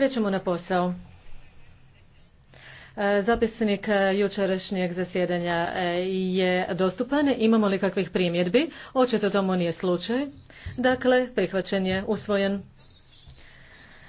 Krećemo na posao. E, zapisnik e, jučerašnjeg zasjedanja e, je dostupan. Imamo li kakvih primjedbi? Očito tomu nije slučaj. Dakle, prihvaćen je, usvojen.